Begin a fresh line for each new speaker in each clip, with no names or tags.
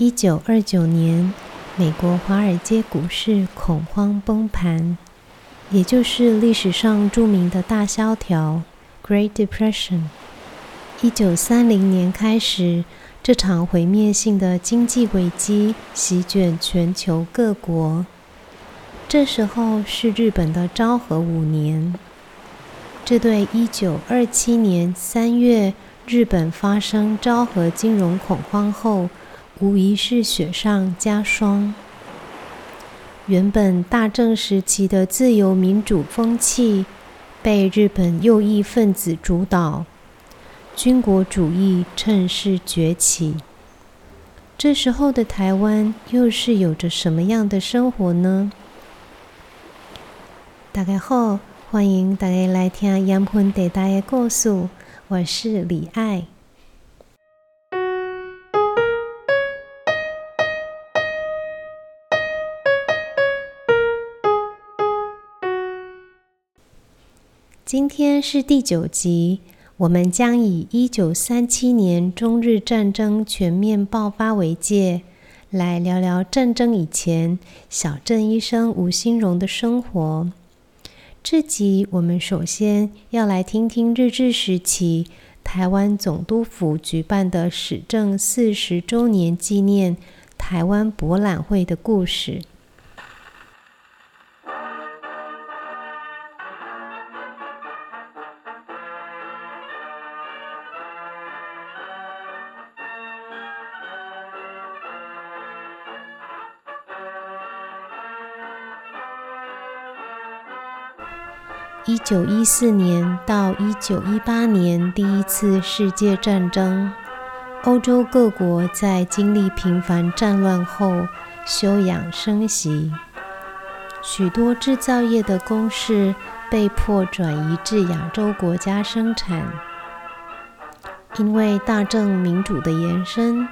一九二九年，美國華爾街股市恐慌崩盤，也就是歷史上著名的“大蕭條 ”（Great Depression）。一九三零年開始，這場毀滅性的經濟危機席捲全球各國。這時候是日本的昭和五年。這對一九二七年三月日本發生昭和金融恐慌後，無疑是雪上加霜。原本大正時期的自由民主風氣，被日本右翼分子主導，軍國主義趁勢崛起。這時候的台灣，又是有着什麼樣的生活呢？大家好，歡迎大家來聽《鹽分地帶》的故事，我是李愛。今天是第九集，我們將以一九三七年中日戰爭全面爆發為界，來聊聊戰爭以前小鎮醫生吳新榮的生活。這集我們首先要來聽聽日治時期台灣總督府舉辦的始政四十周年紀念台灣博覽會的故事。一九一四年到一九一八年，第一次世界戰爭，歐洲各國在經歷頻繁戰亂後休養生息，許多制造業的工事被迫轉移至亞洲國家生產。因為大正民主的延伸，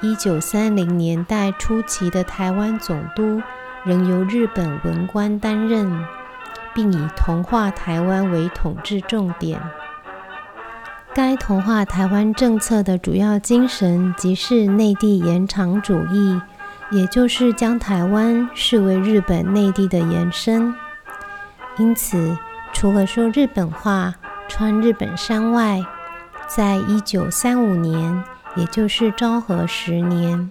一九三零年代初期的台灣總督仍由日本文官擔任。並以同化台灣為統治重點。該同化台灣政策的主要精神，即是內地延長主義，也就是將台灣視為日本內地的延伸。因此，除了說日本話、穿日本衫外，在一九三五年，也就是昭和十年，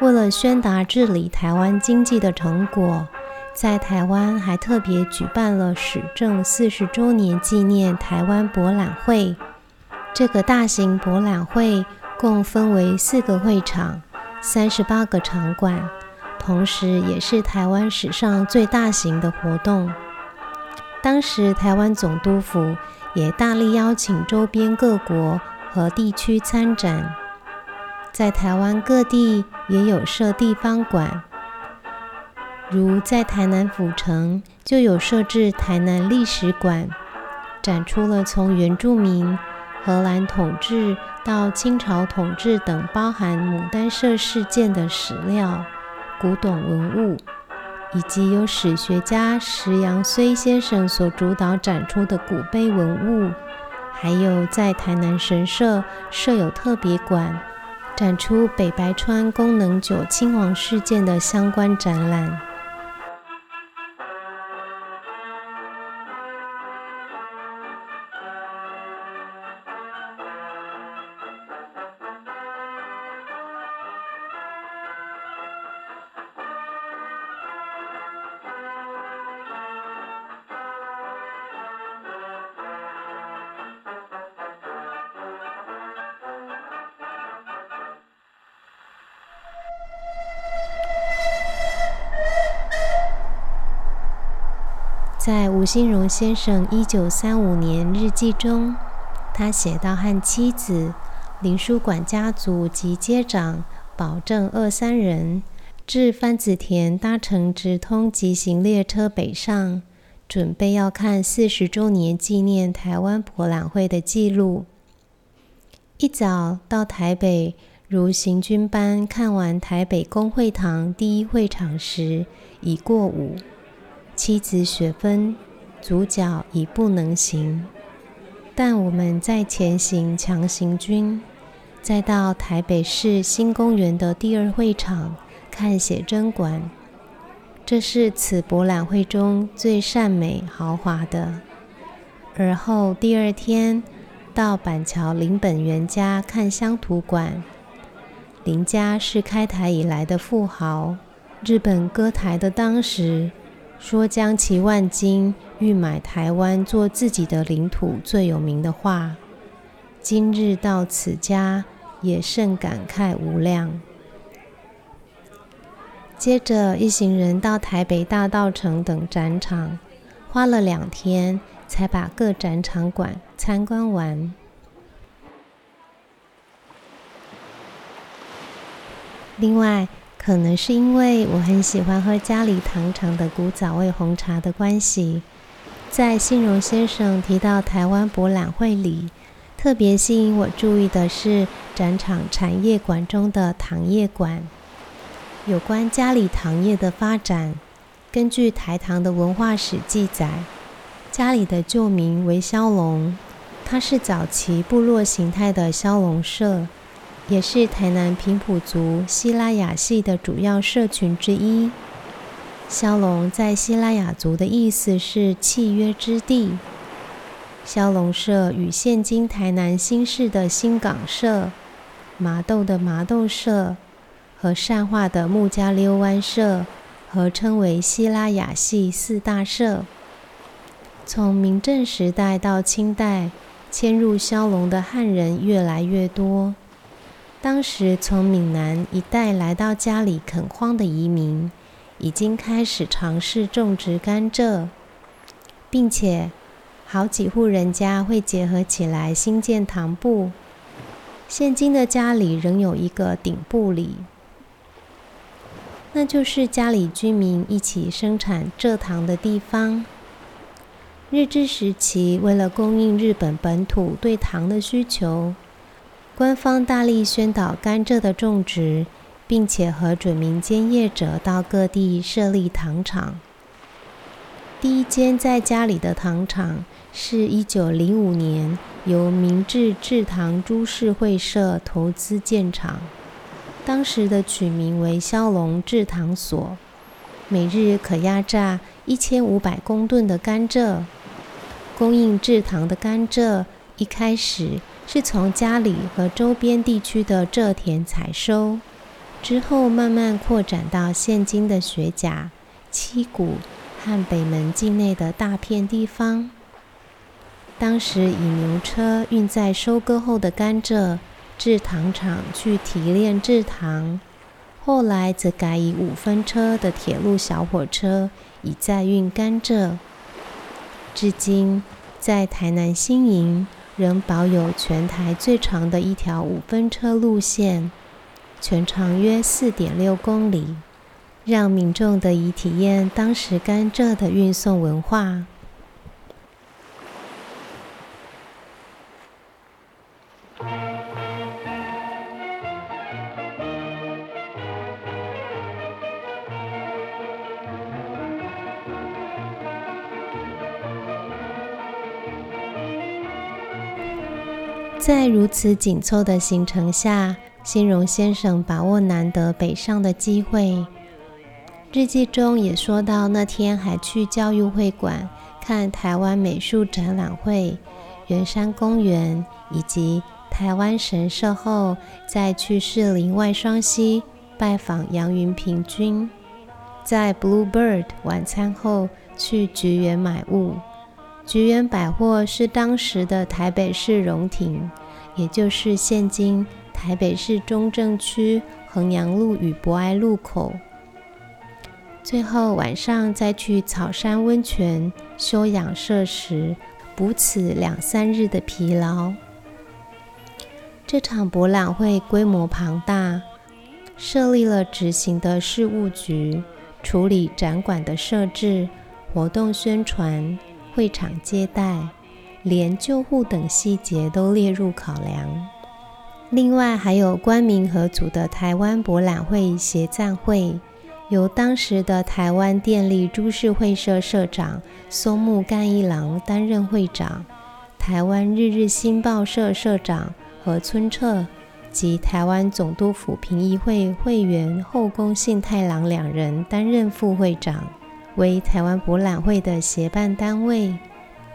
為了宣達治理台灣經濟的成果。在台灣還特別舉辦了始政四十周年紀念台灣博覽會。這個大型博覽會共分為四個會場、三十八個場館，同時也是台灣史上最大型的活動。當時台灣總督府也大力邀請周邊各國和地區參展，在台灣各地也有設地方館。如在台南府城就有設置台南歷史館，展出了從原住民、荷蘭統治到清朝統治等包含牡丹社事件的史料、古董文物，以及由史學家石暘睢先生所主導展出的古碑文物，還有在台南神社設有特別館，展出北白川宮能久親王事件的相關展覽。在吳新榮先生一九三五年日記中，他寫道和妻子、林書館家族及街長、保證二三人至番子田搭乘直通急行列車北上，準備要看四十周年紀念台灣博覽會的記錄。一早到台北，如行軍般看完台北公會堂第一會場時，已過午。妻子雪芬，主角已不能行，但我們在前行強行軍，再到台北市新公園的第二會場看寫真館，這是此博覽會中最善美豪華的。而後第二天到板橋林本源家看鄉土館，林家是開台以來的富豪，日本割臺的當時。說將其萬金欲買台灣做自己的領土，最有名的話。今日到此家，也甚感慨無量。接着一行人到台北大稻埕等展場，花了兩天才把各展場館參觀完。另外。可能是因為我很喜歡喝佳里糖廠的古早味紅茶的關係，在新榮先生提到台灣博覽會裡，特別吸引我注意的是展場產業館中的糖業館。有關佳里糖業的發展，根據台糖的文化史記載，佳里的舊名為蕭壠，它是早期部落形態的蕭壠社。也是台南平埔族西拉雅系的主要社群之一。蕭壠在西拉雅族的意思是契約之地。蕭壠社與現今台南新市的新港社、麻豆的麻豆社和善化的目加溜灣社合稱為西拉雅系四大社。從明鄭時代到清代，遷入蕭壠的漢人越來越多。當時從閩南一帶來到佳里墾荒的移民，已經開始嘗試種植甘蔗，並且好幾戶人家會結合起來興建糖廍。現今的佳里仍有一個頂廍里，那就是佳里居民一起生產蔗糖的地方。日治時期，為了供應日本本土對糖的需求，官方大力宣導甘蔗的種植，並且核准民間業者到各地設立糖廠。第一間在佳里的糖廠是一九零五年由明治制糖株式會社投資建廠，當時的取名為“蕭壠製糖所”，每日可壓榨一千五百公噸的甘蔗，供應制糖的甘蔗一開始。是從家裡和周邊地區的蔗田採收，之後慢慢擴展到現今的學甲、七股和北門境內的大片地方。當時以牛車運載收割後的甘蔗至糖廠去提煉製糖，後來則改以五分車的鐵路小火車以載運甘蔗。至今在台南新營。仍保有全台最長的一條五分車路線，全長約四點六公里，讓民眾得以體驗當時甘蔗的運送文化。 在如此緊湊的行程下，新榮先生把握難得北上的機會。日記中也說到，那天還去教育會館看台灣美術展覽會、圓山公園以及台灣神社後，再去士林外雙溪拜訪楊雲平君，在 Bluebird 晚餐後去菊園買物。菊元百貨是當時的台北市榮町，也就是現今台北市中正區衡陽路與博愛路口。最後晚上再去草山溫泉休養設施，補此兩三日的疲勞。這場博覽會規模龐大，設立了執行的事務局，處理展館的設置、活動宣傳。會場接待、連救護等細節都列入考量。另外，還有官民合組的台灣博覽會協贊會，由當時的台灣電力株式會社社長松木幹一郎擔任會長，台灣日日新報社社長河村徹及台灣總督府評議會會員後宮信太郎兩人擔任副會長。為台灣博覽會的協辦單位，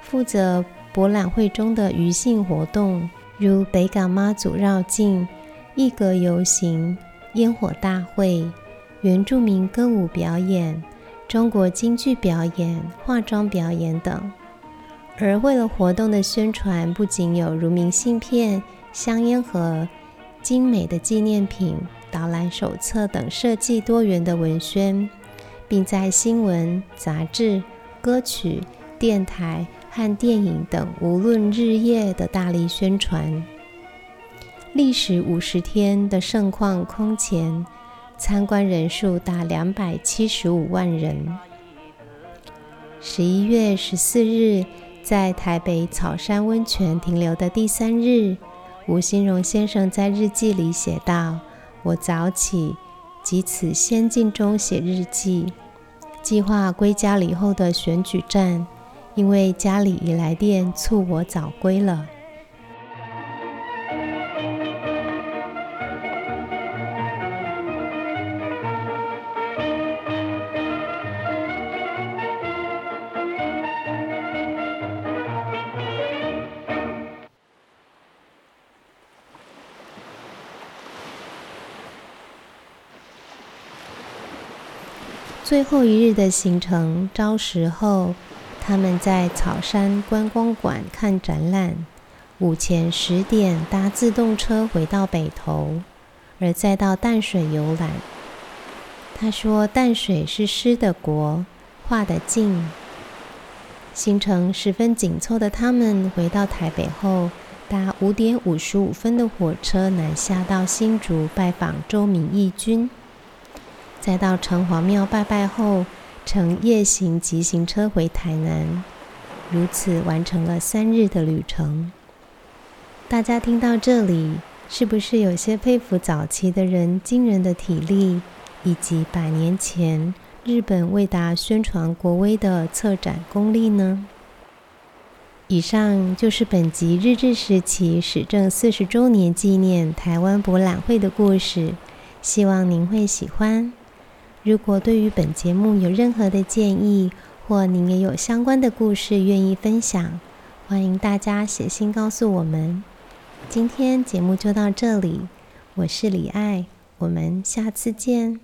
負責博覽會中的餘興活動，如北港媽祖繞境、藝閣遊行、煙火大會、原住民歌舞表演、中國京劇表演、化妝表演等。而為了活動的宣傳，不僅有如明信片、香菸盒、精美的紀念品、導覽手冊等設計多元的文宣。並在新聞、雜誌、歌曲、電台和電影等，無論日夜的大力宣傳，歷時五十天的盛況空前，參觀人數達兩百七十五萬人。十一月十四日，在台北草山溫泉停留的第三日，吳新榮先生在日記裡寫道：“我早起。”及此仙境中寫日記，計劃歸家裡後的選舉戰，因為家裡已來電促我早歸了。最後一日的行程，朝時後，他們在草山觀光館看展覽，午前十點搭自動車回到北投，而再到淡水遊覽。他說：“淡水是詩的國，畫的境。”行程十分緊湊的他們回到台北後，搭五點五十五分的火車南下到新竹拜訪周明義君。再到城隍廟拜拜後，乘夜行急行車回台南，如此完成了三日的旅程。大家聽到這裡，是不是有些佩服早期的人驚人的體力，以及百年前日本為達宣傳國威的策展功力呢？以上就是本集日治時期始政四十周年紀念台灣博覽會的故事，希望您會喜歡。如果對於本節目有任何的建議，或您也有相關的故事願意分享，歡迎大家寫信告訴我們。今天節目就到這裡，我是李愛，我們下次見。